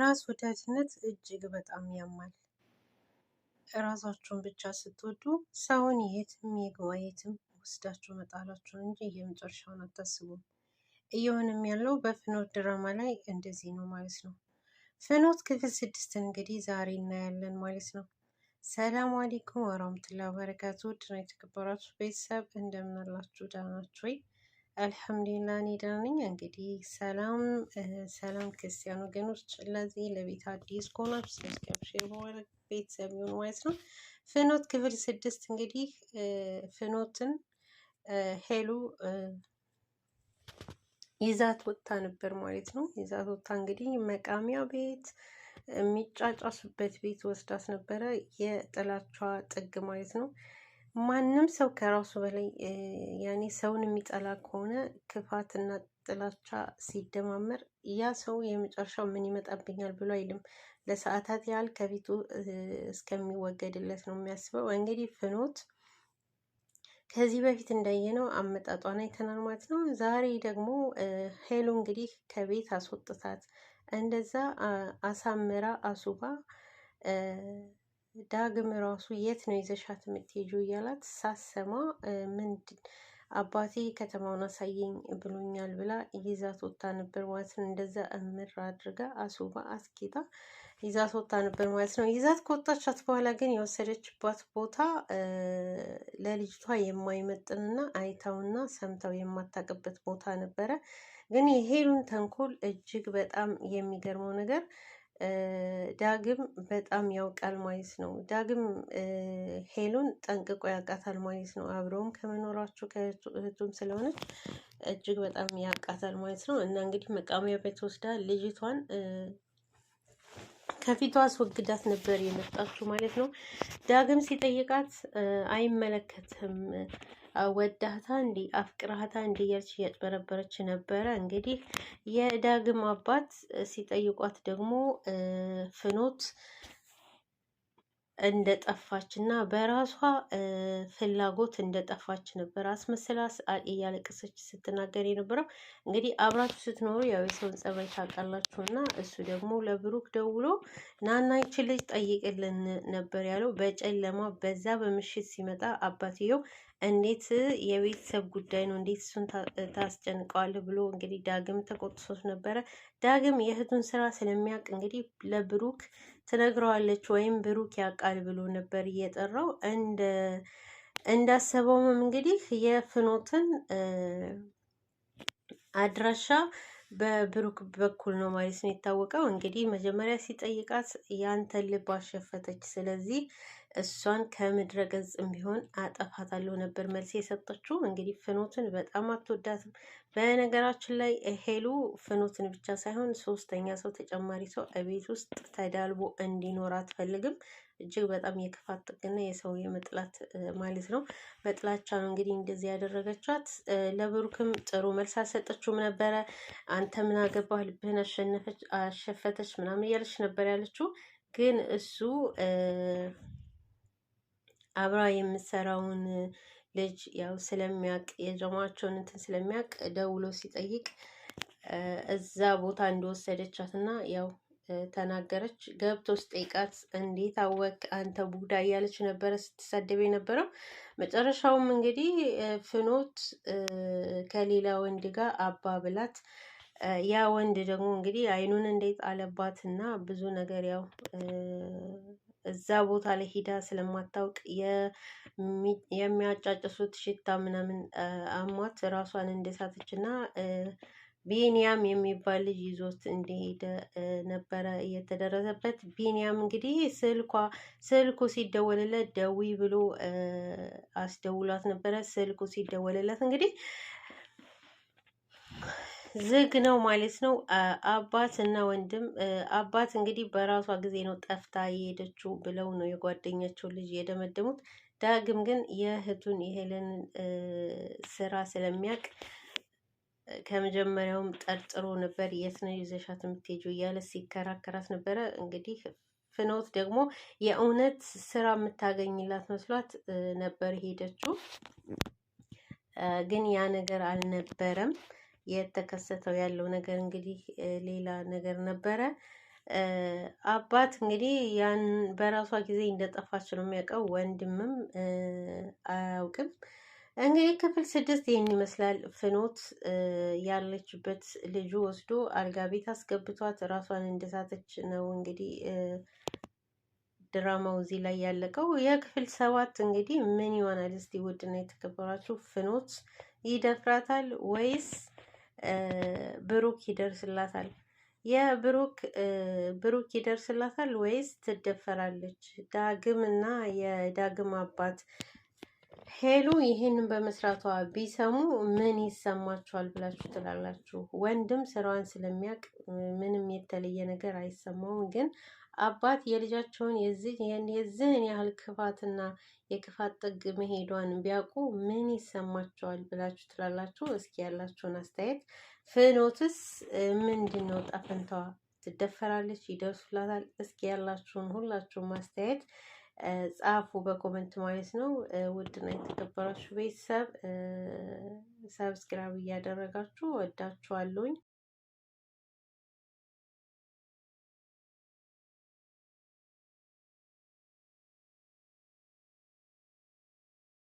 ራስ ወዳጅነት እጅግ በጣም ያማል። ራሳችሁን ብቻ ስትወዱ ሰውን የትም ይግባ የትም ወስዳችሁ መጣላችሁን እንጂ የመጨረሻውን አታስቡም። እየሆነም ያለው በፍኖት ድራማ ላይ እንደዚህ ነው ማለት ነው። ፍኖት ክፍል ስድስትን እንግዲህ ዛሬ እናያለን ማለት ነው። ሰላም አለይኩም ወራህመቱላሂ በረካቱ ድና የተከበራችሁ ቤተሰብ እንደምናላችሁ ዳናችሁ ወይ አልሐምዱሊላህ እኔ ደህና ነኝ። እንግዲህ ሰላም ሰላም ክርስቲያን ወገኖች፣ ለዚህ ለቤት አዲስ ከሆናችሁ ሰብስክራይብ፣ ሼር በማድረግ ቤተሰብ ይሁን ማለት ነው። ፍኖት ክፍል ስድስት እንግዲህ ፍኖትን ሄሉ ይዛት ወጥታ ነበር ማለት ነው። ይዛት ወጥታ እንግዲህ መቃሚያ ቤት የሚጫጫሱበት ቤት ወስዳት ነበረ። የጥላቿ ጥግ ማለት ነው። ማንም ሰው ከራሱ በላይ ያኔ ሰውን የሚጠላ ከሆነ ክፋትና ጥላቻ ሲደማመር ያ ሰው የመጨረሻው ምን ይመጣብኛል ብሎ አይልም። ለሰዓታት ያህል ከፊቱ እስከሚወገድለት ነው የሚያስበው። እንግዲህ ፍኖት ከዚህ በፊት እንዳየነው አመጣጧን አይተናል ማለት ነው። ዛሬ ደግሞ ሄሉ እንግዲህ ከቤት አስወጥታት እንደዛ አሳምራ አሱባ ዳግም ራሱ የት ነው ይዘሻት የምትሄጂው እያላት ሳሰማ ምንድን አባቴ ከተማውን አሳየኝ ብሎኛል ብላ ይዛት ወጣ ነበር ማለት ነው። እንደዛ እምር አድርጋ አስውባ አስጌጣ ይዛት ወጣ ነበር ማለት ነው። ይዛት ከወጣቻት በኋላ ግን የወሰደችባት ቦታ ለልጅቷ የማይመጥንና አይታውና ሰምተው የማታቅበት ቦታ ነበረ። ግን የሄሉን ተንኮል እጅግ በጣም የሚገርመው ነገር ዳግም በጣም ያውቃል ማለት ነው። ዳግም ሄሉን ጠንቅቆ ያውቃታል ማለት ነው። አብረውም ከመኖራቸው ከእህቱም ስለሆነች እጅግ በጣም ያውቃታል ማለት ነው። እና እንግዲህ መቃሚያ ቤት ወስዳ ልጅቷን ከፊቷ አስወግዳት ነበር የመጣችው ማለት ነው። ዳግም ሲጠይቃት አይመለከትም ወዳህታ እንዲ አፍቅራህታ እንዲ እያለች እያጭበረበረች ነበረ። እንግዲህ የዳግም አባት ሲጠይቋት ደግሞ ፍኖት እንደጠፋች እና በራሷ ፍላጎት እንደጠፋች ነበር አስመስላ እያለቀሰች ስትናገር የነበረው። እንግዲህ አብራችሁ ስትኖሩ ያው የሰውን ጸባይ ታውቃላችሁ እና እሱ ደግሞ ለብሩክ ደውሎ ናናይች ልጅ ጠይቅልን ነበር ያለው። በጨለማ በዛ በምሽት ሲመጣ አባትየው እንዴት የቤተሰብ ጉዳይ ነው እንዴት እሱን ታስጨንቀዋለህ ብሎ እንግዲህ ዳግም ተቆጥሶት ነበረ። ዳግም የእህቱን ስራ ስለሚያውቅ እንግዲህ ለብሩክ ትነግረዋለች ወይም ብሩክ ያውቃል ብሎ ነበር እየጠራው እንደ እንዳሰበውም እንግዲህ የፍኖትን አድራሻ በብሩክ በኩል ነው ማለት ነው የታወቀው። እንግዲህ መጀመሪያ ሲጠይቃት ያንተን ልብ አሸፈተች። ስለዚህ እሷን ከምድረ ገጽም ቢሆን አጠፋታለሁ ነበር መልስ የሰጠችው። እንግዲህ ፍኖትን በጣም አትወዳትም። በነገራችን ላይ ሄሉ ፍኖትን ብቻ ሳይሆን ሶስተኛ ሰው ተጨማሪ ሰው እቤት ውስጥ ተዳልቦ እንዲኖር አትፈልግም። እጅግ በጣም የክፋት ጥግና የሰው የመጥላት ማለት ነው። በጥላቻ ነው እንግዲህ እንደዚህ ያደረገቻት። ለብሩክም ጥሩ መልስ አልሰጠችውም ነበረ። አንተ ምን አገባህ ልብህን አሸነፈች አሸፈተች ምናምን እያለች ነበር ያለችው። ግን እሱ አብራ የምትሰራውን ልጅ ያው ስለሚያውቅ የጀማቸውን እንትን ስለሚያውቅ ደውሎ ሲጠይቅ እዛ ቦታ እንደወሰደቻት እና ያው ተናገረች። ገብቶ ስጠይቃት እንዴት አወቅ አንተ ቡዳ እያለች ነበረ ስትሳደብ የነበረው። መጨረሻውም እንግዲህ ፍኖት ከሌላ ወንድ ጋር አባ ብላት ያ ወንድ ደግሞ እንግዲህ አይኑን እንዴት አለባት እና ብዙ ነገር ያው እዛ ቦታ ላይ ሂዳ ስለማታውቅ የሚያጫጭሱት ሽታ ምናምን አሟት ራሷን እንደሳተች እና ቢንያም የሚባል ልጅ ይዞት እንደሄደ ነበረ የተደረሰበት። ቢንያም እንግዲህ ስልኳ ስልኩ ሲደወልለት ደዊ ብሎ አስደውሏት ነበረ። ስልኩ ሲደወልለት እንግዲህ ዝግ ነው ማለት ነው። አባት እና ወንድም አባት እንግዲህ በራሷ ጊዜ ነው ጠፍታ የሄደችው ብለው ነው የጓደኛቸው ልጅ የደመደሙት። ዳግም ግን የእህቱን የሄለንን ስራ ስለሚያውቅ ከመጀመሪያውም ጠርጥሮ ነበር። የት ነው ይዘሻት የምትሄጂው እያለ ሲከራከራት ነበረ። እንግዲህ ፍኖት ደግሞ የእውነት ስራ የምታገኝላት መስሏት ነበር ሄደችው። ግን ያ ነገር አልነበረም። የተከሰተው ያለው ነገር እንግዲህ ሌላ ነገር ነበረ። አባት እንግዲህ ያን በራሷ ጊዜ እንደጠፋች ነው የሚያውቀው። ወንድምም አያውቅም። እንግዲህ ክፍል ስድስት ይህን ይመስላል። ፍኖት ያለችበት ልጁ ወስዶ አልጋ ቤት አስገብቷት ራሷን እንደሳተች ነው እንግዲህ ድራማው እዚህ ላይ ያለቀው። የክፍል ሰባት እንግዲህ ምን ይሆናል እስቲ? ውድና የተከበራችሁ ፍኖት ይደፍራታል ወይስ ብሩክ ይደርስላታል? የብሩክ ብሩክ ይደርስላታል ወይስ ትደፈራለች? ዳግም እና የዳግም አባት ሄሉ ይህንን በመስራቷ ቢሰሙ ምን ይሰማቸዋል ብላችሁ ትላላችሁ? ወንድም ስራዋን ስለሚያውቅ ምንም የተለየ ነገር አይሰማውም። ግን አባት የልጃቸውን የዚህን ያህል ክፋትና የክፋት ጥግ መሄዷን ቢያውቁ ምን ይሰማቸዋል ብላችሁ ትላላችሁ? እስኪ ያላችሁን አስተያየት። ፍኖትስ ምንድን ነው ጣፈንታዋ? ትደፈራለች? ይደርሱላታል? እስኪ ያላችሁን ሁላችሁም አስተያየት ጻፉ በኮመንት ማለት ነው። ውድና የተከበራችሁ ቤተሰብ ሰብስክራይብ እያደረጋችሁ ወዳችኋለሁኝ።